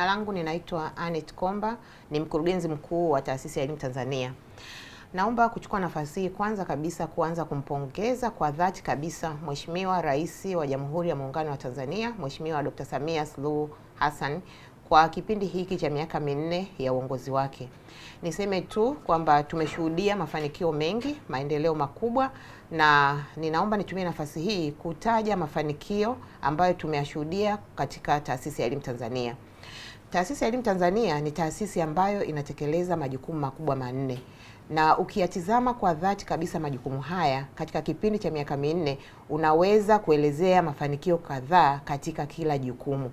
Jina langu ninaitwa Anet Komba, ni mkurugenzi mkuu wa Taasisi ya Elimu Tanzania. Naomba kuchukua nafasi hii kwanza kabisa kuanza kumpongeza kwa dhati kabisa Mheshimiwa Rais wa Jamhuri ya Muungano wa Tanzania, Mheshimiwa Dr. Samia Suluhu Hassan kwa kipindi hiki cha miaka minne ya uongozi wake. Niseme tu kwamba tumeshuhudia mafanikio mengi, maendeleo makubwa, na ninaomba nitumie nafasi hii kutaja mafanikio ambayo tumeyashuhudia katika Taasisi ya Elimu Tanzania. Taasisi ya Elimu Tanzania ni taasisi ambayo inatekeleza majukumu makubwa manne na ukiyatizama kwa dhati kabisa majukumu haya katika kipindi cha miaka minne, unaweza kuelezea mafanikio kadhaa katika kila jukumu.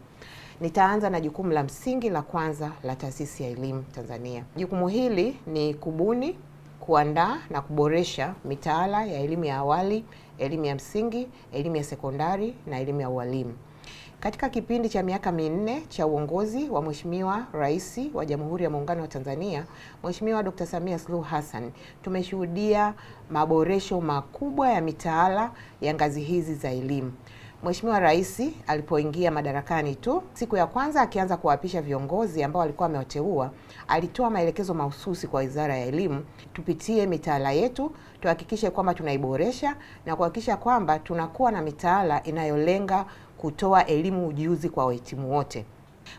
Nitaanza na jukumu la msingi la kwanza la Taasisi ya Elimu Tanzania. Jukumu hili ni kubuni, kuandaa na kuboresha mitaala ya elimu ya awali, elimu ya msingi, elimu ya sekondari na elimu ya ualimu. Katika kipindi cha miaka minne cha uongozi wa Mheshimiwa Rais wa Jamhuri ya Muungano wa Tanzania, Mheshimiwa Dr. Samia Suluhu Hassan, tumeshuhudia maboresho makubwa ya mitaala ya ngazi hizi za elimu. Mheshimiwa Rais alipoingia madarakani tu, siku ya kwanza akianza kuwaapisha viongozi ambao alikuwa amewateua, alitoa maelekezo mahususi kwa Wizara ya Elimu, tupitie mitaala yetu, tuhakikishe kwamba tunaiboresha na kuhakikisha kwamba tunakuwa na mitaala inayolenga kutoa elimu ujuzi kwa wahitimu wote.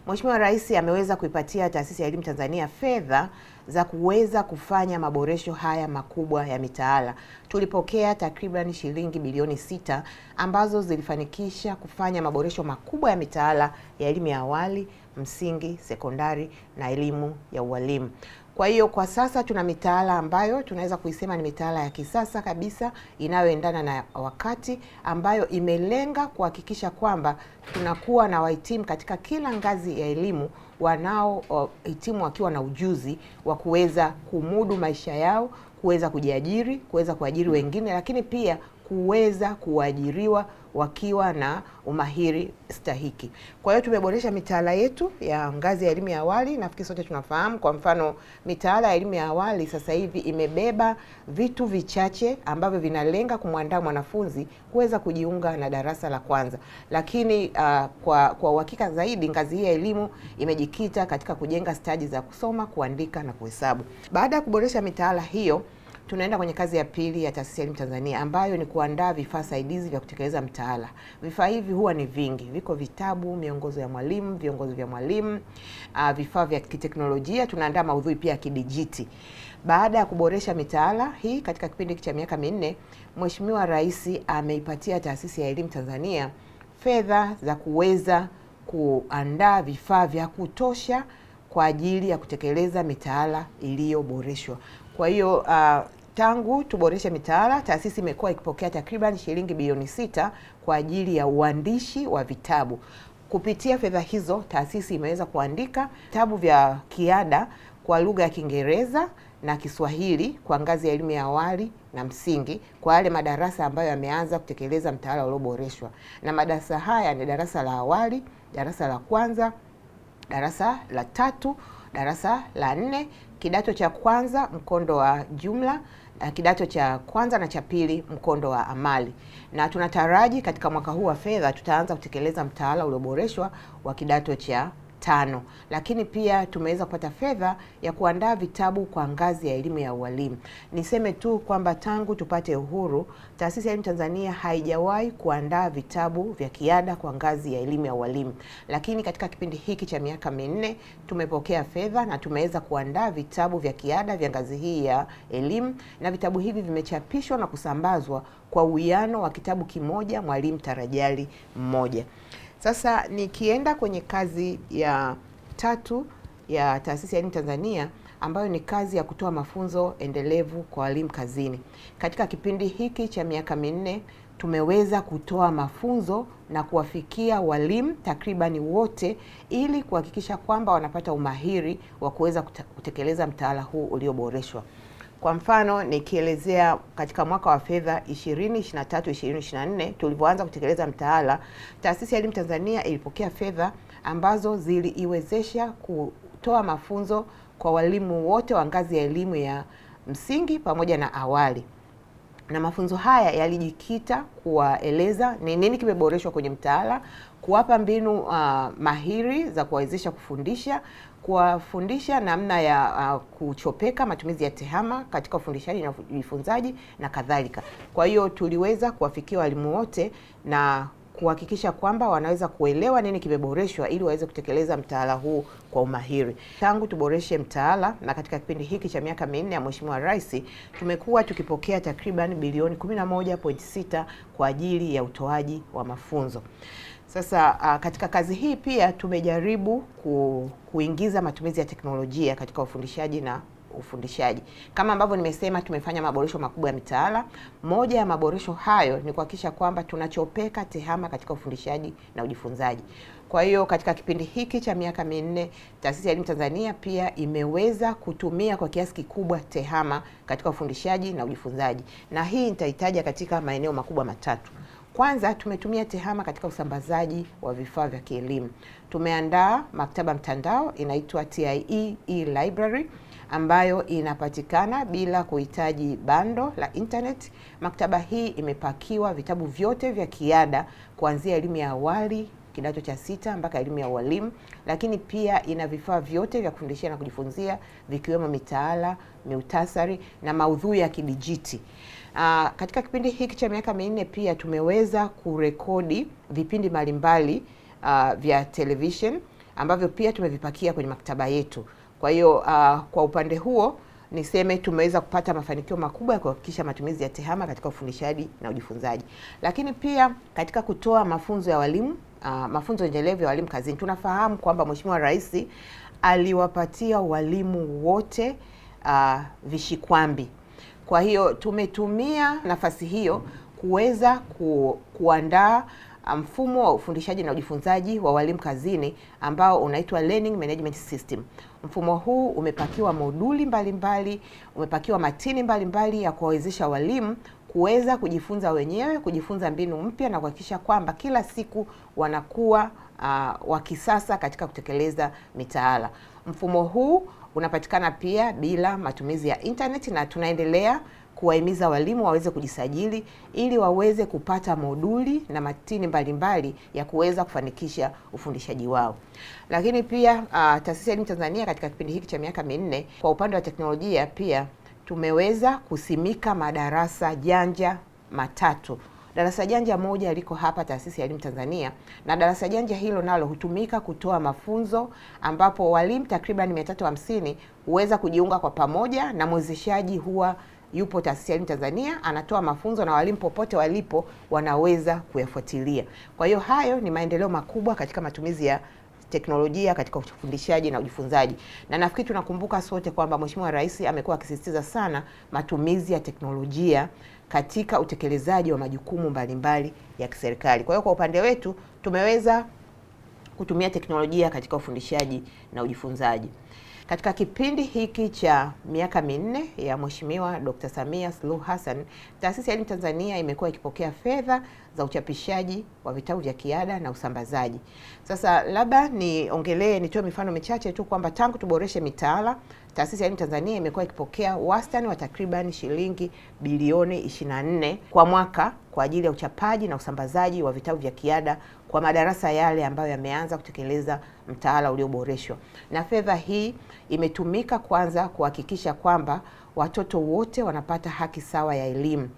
Mheshimiwa Rais ameweza kuipatia Taasisi ya Elimu Tanzania fedha za kuweza kufanya maboresho haya makubwa ya mitaala. Tulipokea takriban shilingi bilioni sita ambazo zilifanikisha kufanya maboresho makubwa ya mitaala ya elimu ya awali, msingi, sekondari na elimu ya ualimu. Kwa hiyo kwa sasa tuna mitaala ambayo tunaweza kuisema ni mitaala ya kisasa kabisa inayoendana na wakati, ambayo imelenga kuhakikisha kwamba tunakuwa na wahitimu katika kila ngazi ya elimu wanaohitimu wakiwa na ujuzi wa kuweza kumudu maisha yao, kuweza kujiajiri, kuweza kuajiri wengine, lakini pia kuweza kuajiriwa wakiwa na umahiri stahiki. Kwa hiyo tumeboresha mitaala yetu ya ngazi ya elimu ya awali, nafikiri sote tunafahamu. Kwa mfano, mitaala ya elimu ya awali sasa hivi imebeba vitu vichache ambavyo vinalenga kumwandaa mwanafunzi kuweza kujiunga na darasa la kwanza, lakini uh, kwa kwa uhakika zaidi ngazi hii ya elimu imejikita katika kujenga stadi za kusoma, kuandika na kuhesabu. Baada ya kuboresha mitaala hiyo tunaenda kwenye kazi ya pili ya Taasisi ya Elimu Tanzania ambayo ni kuandaa vifaa saidizi vya kutekeleza mtaala. Vifaa hivi huwa ni vingi, viko vitabu, miongozo ya mwalimu, viongozi vya mwalimu, ah, vifaa vya kiteknolojia. Tunaandaa maudhui pia ya kidijiti. Baada ya kuboresha mitaala hii katika kipindi cha miaka minne, Mheshimiwa Rais ameipatia Taasisi ya Elimu Tanzania fedha za kuweza kuandaa vifaa vya kutosha kwa ajili ya kutekeleza mitaala iliyoboreshwa. Kwa hiyo uh, Tangu tuboreshe mitaala, taasisi imekuwa ikipokea takriban shilingi bilioni sita kwa ajili ya uandishi wa vitabu. Kupitia fedha hizo, taasisi imeweza kuandika vitabu vya kiada kwa lugha ya Kiingereza na Kiswahili kwa ngazi ya elimu ya awali na msingi kwa yale madarasa ambayo yameanza kutekeleza mtaala ulioboreshwa. Na madarasa haya ni darasa la awali, darasa la kwanza, darasa la tatu, darasa la nne kidato cha kwanza mkondo wa jumla, kidato cha kwanza na cha pili mkondo wa amali, na tunataraji katika mwaka huu wa fedha tutaanza kutekeleza mtaala ulioboreshwa wa kidato cha tano, lakini pia tumeweza kupata fedha ya kuandaa vitabu kwa ngazi ya elimu ya ualimu. Niseme tu kwamba tangu tupate uhuru, Taasisi ya Elimu Tanzania haijawahi kuandaa vitabu vya kiada kwa ngazi ya elimu ya ualimu, lakini katika kipindi hiki cha miaka minne tumepokea fedha na tumeweza kuandaa vitabu vya kiada vya ngazi hii ya elimu, na vitabu hivi vimechapishwa na kusambazwa kwa uwiano wa kitabu kimoja mwalimu tarajali mmoja. Sasa nikienda kwenye kazi ya tatu ya Taasisi ya Elimu Tanzania ambayo ni kazi ya kutoa mafunzo endelevu kwa walimu kazini. Katika kipindi hiki cha miaka minne tumeweza kutoa mafunzo na kuwafikia walimu takribani wote ili kuhakikisha kwamba wanapata umahiri wa kuweza kutekeleza mtaala huu ulioboreshwa. Kwa mfano nikielezea katika mwaka wa fedha 2023 2024 tulivyoanza kutekeleza mtaala, Taasisi ya Elimu Tanzania ilipokea fedha ambazo ziliiwezesha kutoa mafunzo kwa walimu wote wa ngazi ya elimu ya msingi pamoja na awali, na mafunzo haya yalijikita kuwaeleza ni nini kimeboreshwa kwenye mtaala kuwapa mbinu uh, mahiri za kuwawezesha kufundisha, kuwafundisha namna ya uh, kuchopeka, matumizi ya tehama katika ufundishaji na ujifunzaji na kadhalika. Kwa hiyo tuliweza kuwafikia walimu wote na kuhakikisha kwamba wanaweza kuelewa nini kimeboreshwa ili waweze kutekeleza mtaala huu kwa umahiri. Tangu tuboreshe mtaala na katika kipindi hiki cha miaka minne ya Mheshimiwa Rais, tumekuwa tukipokea takriban bilioni 11.6 kwa ajili ya utoaji wa mafunzo. Sasa uh, katika kazi hii pia tumejaribu ku, kuingiza matumizi ya teknolojia katika ufundishaji na ufundishaji. Kama ambavyo nimesema, tumefanya maboresho makubwa ya mitaala. Moja ya maboresho hayo ni kuhakikisha kwamba tunachopeka tehama katika ufundishaji na ujifunzaji. Kwa hiyo katika kipindi hiki cha miaka minne, Taasisi ya Elimu Tanzania pia imeweza kutumia kwa kiasi kikubwa tehama katika ufundishaji na ujifunzaji, na hii nitahitaja katika maeneo makubwa matatu. Kwanza tumetumia TEHAMA katika usambazaji wa vifaa vya kielimu. Tumeandaa maktaba mtandao inaitwa TIE e-library ambayo inapatikana bila kuhitaji bando la internet. Maktaba hii imepakiwa vitabu vyote vya kiada kuanzia elimu ya awali kidato cha sita mpaka elimu ya walimu, lakini pia ina vifaa vyote vya kufundishia na kujifunzia vikiwemo mitaala, miutasari na maudhui ya kidijiti. Uh, katika kipindi hiki cha miaka minne pia tumeweza kurekodi vipindi mbalimbali uh, vya television ambavyo pia tumevipakia kwenye maktaba yetu. Kwa hiyo uh, kwa upande huo niseme tumeweza kupata mafanikio makubwa ya kuhakikisha matumizi ya TEHAMA katika ufundishaji na ujifunzaji, lakini pia katika kutoa mafunzo ya walimu uh, mafunzo endelevu ya walimu kazini. Tunafahamu kwamba Mheshimiwa Rais aliwapatia walimu wote uh, vishikwambi kwa hiyo tumetumia nafasi hiyo kuweza ku, kuandaa uh, mfumo wa ufundishaji na ujifunzaji wa walimu kazini ambao unaitwa Learning Management System. Mfumo huu umepakiwa moduli mbalimbali mbali, umepakiwa matini mbalimbali mbali ya kuwawezesha walimu kuweza kujifunza wenyewe, kujifunza mbinu mpya na kuhakikisha kwamba kila siku wanakuwa uh, wa kisasa katika kutekeleza mitaala. Mfumo huu unapatikana pia bila matumizi ya internet, na tunaendelea kuwahimiza walimu waweze kujisajili ili waweze kupata moduli na matini mbalimbali mbali ya kuweza kufanikisha ufundishaji wao. Lakini pia uh, Taasisi ya Elimu Tanzania katika kipindi hiki cha miaka minne kwa upande wa teknolojia pia tumeweza kusimika madarasa janja matatu Darasa janja moja liko hapa Taasisi ya Elimu Tanzania, na darasa janja hilo nalo hutumika kutoa mafunzo, ambapo walimu takriban 350 huweza kujiunga kwa pamoja, na mwezeshaji huwa yupo Taasisi ya Elimu Tanzania anatoa mafunzo na walimu popote walipo wanaweza kuyafuatilia. Kwa hiyo hayo ni maendeleo makubwa katika matumizi ya teknolojia katika ufundishaji na ujifunzaji, na nafikiri tunakumbuka sote kwamba Mheshimiwa Rais amekuwa akisisitiza sana matumizi ya teknolojia katika utekelezaji wa majukumu mbalimbali ya kiserikali. Kwa hiyo kwa upande wetu tumeweza kutumia teknolojia katika ufundishaji na ujifunzaji. Katika kipindi hiki cha miaka minne ya Mheshimiwa Dkt. Samia Suluhu Hassan, Taasisi ya Elimu Tanzania imekuwa ikipokea fedha za uchapishaji wa vitabu vya kiada na usambazaji. Sasa labda niongelee, nitoe mifano michache tu kwamba tangu tuboreshe mitaala, Taasisi ya Elimu Tanzania imekuwa ikipokea wastani wa takriban shilingi bilioni 24 kwa mwaka kwa ajili ya uchapaji na usambazaji wa vitabu vya kiada kwa madarasa yale ambayo yameanza kutekeleza mtaala ulioboreshwa. Na fedha hii imetumika kwanza kuhakikisha kwamba watoto wote wanapata haki sawa ya elimu.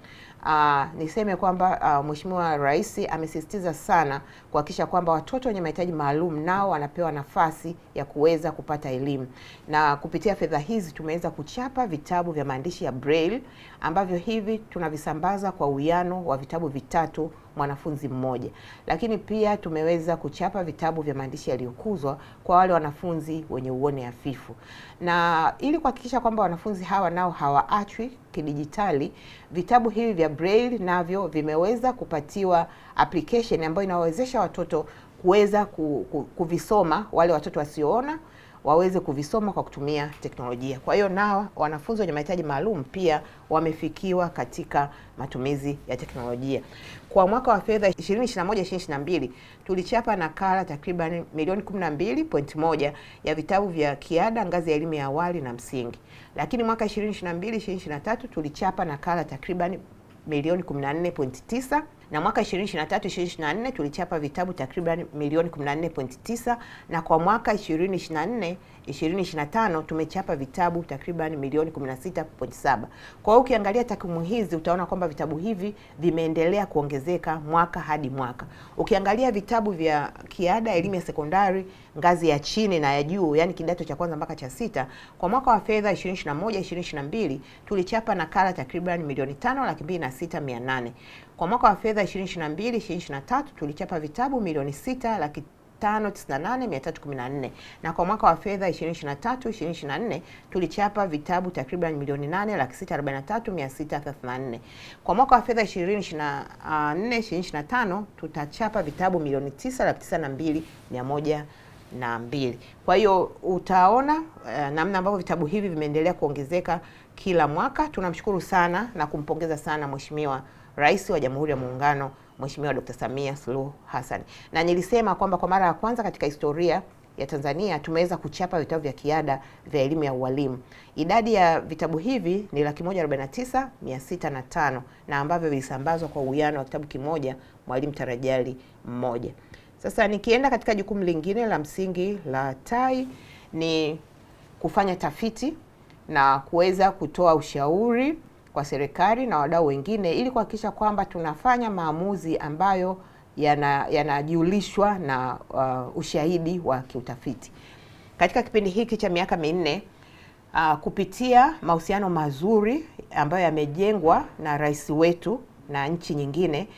Uh, niseme kwamba uh, Mheshimiwa Rais amesisitiza sana kuhakikisha kwamba watoto wenye mahitaji maalum nao wanapewa nafasi ya kuweza kupata elimu, na kupitia fedha hizi tumeweza kuchapa vitabu vya maandishi ya Braille ambavyo hivi tunavisambaza kwa uwiano wa vitabu vitatu mwanafunzi mmoja. Lakini pia tumeweza kuchapa vitabu vya maandishi yaliyokuzwa kwa wale wanafunzi wenye uone hafifu, na ili kuhakikisha kwamba wanafunzi hawa nao hawaachwi kidijitali, vitabu hivi vya braille navyo vimeweza kupatiwa application ambayo inawawezesha watoto kuweza kuvisoma, wale watoto wasioona waweze kuvisoma kwa kutumia teknolojia. Kwa hiyo nao wanafunzi wenye mahitaji maalum pia wamefikiwa katika matumizi ya teknolojia. Kwa mwaka wa fedha 2021 2022 tulichapa nakala takriban milioni 12.1 ya vitabu vya kiada ngazi ya elimu ya awali na msingi, lakini mwaka 2022 2023 tulichapa nakala takriban milioni 14.9 na mwaka 2023 2024 tulichapa vitabu takriban milioni 14.9 na kwa mwaka 2024 2025 tumechapa vitabu takriban milioni 16.7. Kwa hiyo ukiangalia takwimu hizi utaona kwamba vitabu hivi vimeendelea kuongezeka mwaka hadi mwaka. Ukiangalia vitabu vya kiada elimu ya sekondari ngazi ya chini na ya juu, yani kidato cha kwanza mpaka cha sita, kwa mwaka wa fedha 2021 2022 tulichapa nakala takriban milioni 5 laki mbili na sita mia nane. Kwa mwaka wa fedha 2022 2023 tulichapa vitabu milioni 6 laki 598,314 na kwa mwaka wa fedha 2023 2024 tulichapa vitabu takriban milioni 8 laki 643,634. Kwa mwaka wa fedha 2024 2025 tutachapa vitabu milioni 9 laki mbili. Kwa hiyo utaona uh, namna ambavyo vitabu hivi vimeendelea kuongezeka kila mwaka. Tunamshukuru sana na kumpongeza sana mheshimiwa Rais wa Jamhuri ya Muungano Mheshimiwa Dr. Samia Suluhu Hassan. Na nilisema kwamba kwa mara ya kwanza katika historia ya Tanzania tumeweza kuchapa vitabu vya kiada vya elimu ya ualimu. Idadi ya vitabu hivi ni laki moja arobaini na tisa mia sita na tano na ambavyo vilisambazwa kwa uwiano wa kitabu kimoja mwalimu tarajali mmoja. Sasa nikienda katika jukumu lingine la msingi la TAI ni kufanya tafiti na kuweza kutoa ushauri kwa serikali na wadau wengine ili kuhakikisha kwamba tunafanya maamuzi ambayo yanajulishwa yana na uh, ushahidi wa kiutafiti. Katika kipindi hiki cha miaka minne uh, kupitia mahusiano mazuri ambayo yamejengwa na rais wetu na nchi nyingine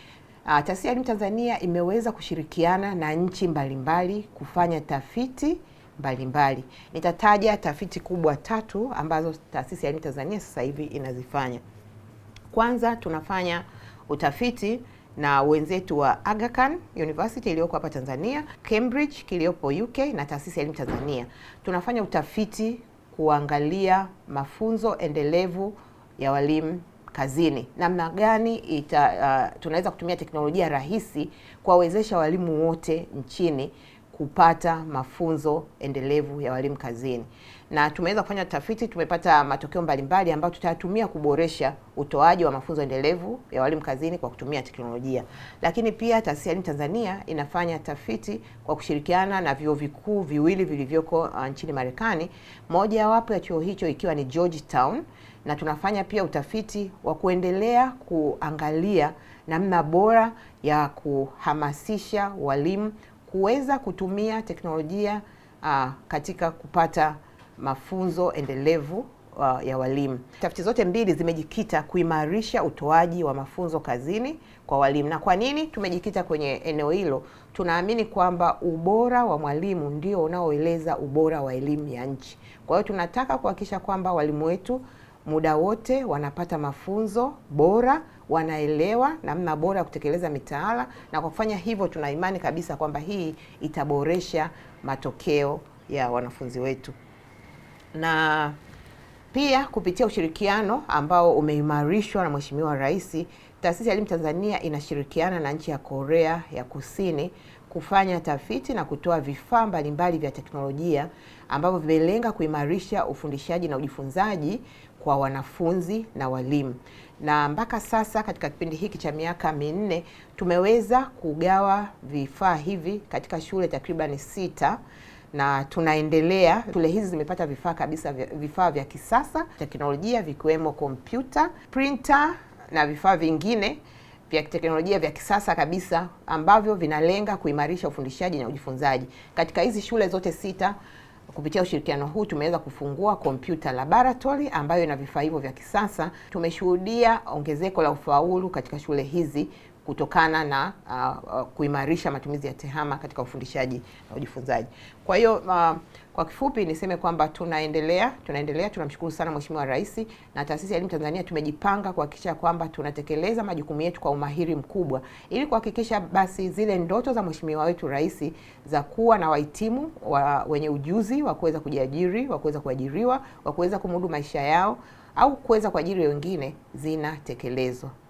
uh, Taasisi ya Elimu Tanzania imeweza kushirikiana na nchi mbalimbali mbali, kufanya tafiti mbalimbali. Nitataja tafiti kubwa tatu ambazo Taasisi ya Elimu Tanzania sasa hivi inazifanya. Kwanza tunafanya utafiti na wenzetu wa Aga Khan University iliyoko hapa Tanzania, Cambridge kiliyopo UK na Taasisi ya Elimu Tanzania. Tunafanya utafiti kuangalia mafunzo endelevu ya walimu kazini, namna gani ita, uh, tunaweza kutumia teknolojia rahisi kuwawezesha walimu wote nchini kupata mafunzo endelevu ya walimu kazini, na tumeweza kufanya tafiti, tumepata matokeo mbalimbali ambayo tutayatumia kuboresha utoaji wa mafunzo endelevu ya walimu kazini kwa kutumia teknolojia. Lakini pia Taasisi ya Elimu Tanzania inafanya tafiti kwa kushirikiana na vyuo vikuu viwili vilivyoko uh, nchini Marekani, mojawapo ya chuo hicho ikiwa ni Georgetown, na tunafanya pia utafiti wa kuendelea kuangalia namna bora ya kuhamasisha walimu kuweza kutumia teknolojia uh, katika kupata mafunzo endelevu uh, ya walimu. Tafiti zote mbili zimejikita kuimarisha utoaji wa mafunzo kazini kwa walimu. Na kwa nini tumejikita kwenye eneo hilo? Tunaamini kwamba ubora wa mwalimu ndio unaoeleza ubora wa elimu ya nchi. Kwa hiyo tunataka kuhakikisha kwamba walimu wetu muda wote wanapata mafunzo bora wanaelewa namna bora ya kutekeleza mitaala, na kwa kufanya hivyo, tuna imani kabisa kwamba hii itaboresha matokeo ya wanafunzi wetu na pia kupitia ushirikiano ambao umeimarishwa na Mheshimiwa Rais, Taasisi ya Elimu Tanzania inashirikiana na nchi ya Korea ya Kusini kufanya tafiti na kutoa vifaa mbalimbali vya teknolojia ambavyo vimelenga kuimarisha ufundishaji na ujifunzaji kwa wanafunzi na walimu na mpaka sasa katika kipindi hiki cha miaka minne tumeweza kugawa vifaa hivi katika shule takribani sita na tunaendelea. Shule hizi zimepata vifaa kabisa, vifaa vya kisasa teknolojia, vikiwemo kompyuta, printer na vifaa vingine vya teknolojia vya kisasa kabisa ambavyo vinalenga kuimarisha ufundishaji na ujifunzaji katika hizi shule zote sita. Kupitia ushirikiano huu tumeweza kufungua kompyuta laboratory ambayo ina vifaa hivyo vya kisasa. Tumeshuhudia ongezeko la ufaulu katika shule hizi kutokana na uh, uh, kuimarisha matumizi ya TEHAMA katika ufundishaji na ujifunzaji. Kwa hiyo uh, kwa kifupi niseme kwamba tunaendelea tunaendelea, tunamshukuru sana Mheshimiwa Rais na Taasisi ya Elimu Tanzania, tumejipanga kuhakikisha kwamba tunatekeleza majukumu yetu kwa umahiri mkubwa ili kuhakikisha basi zile ndoto za Mheshimiwa wetu Rais za kuwa na wahitimu wa, wenye ujuzi wa kuweza kujiajiri, wa kuweza kuajiriwa, wa kuweza kumudu maisha yao au kuweza kuajiri wengine zinatekelezwa.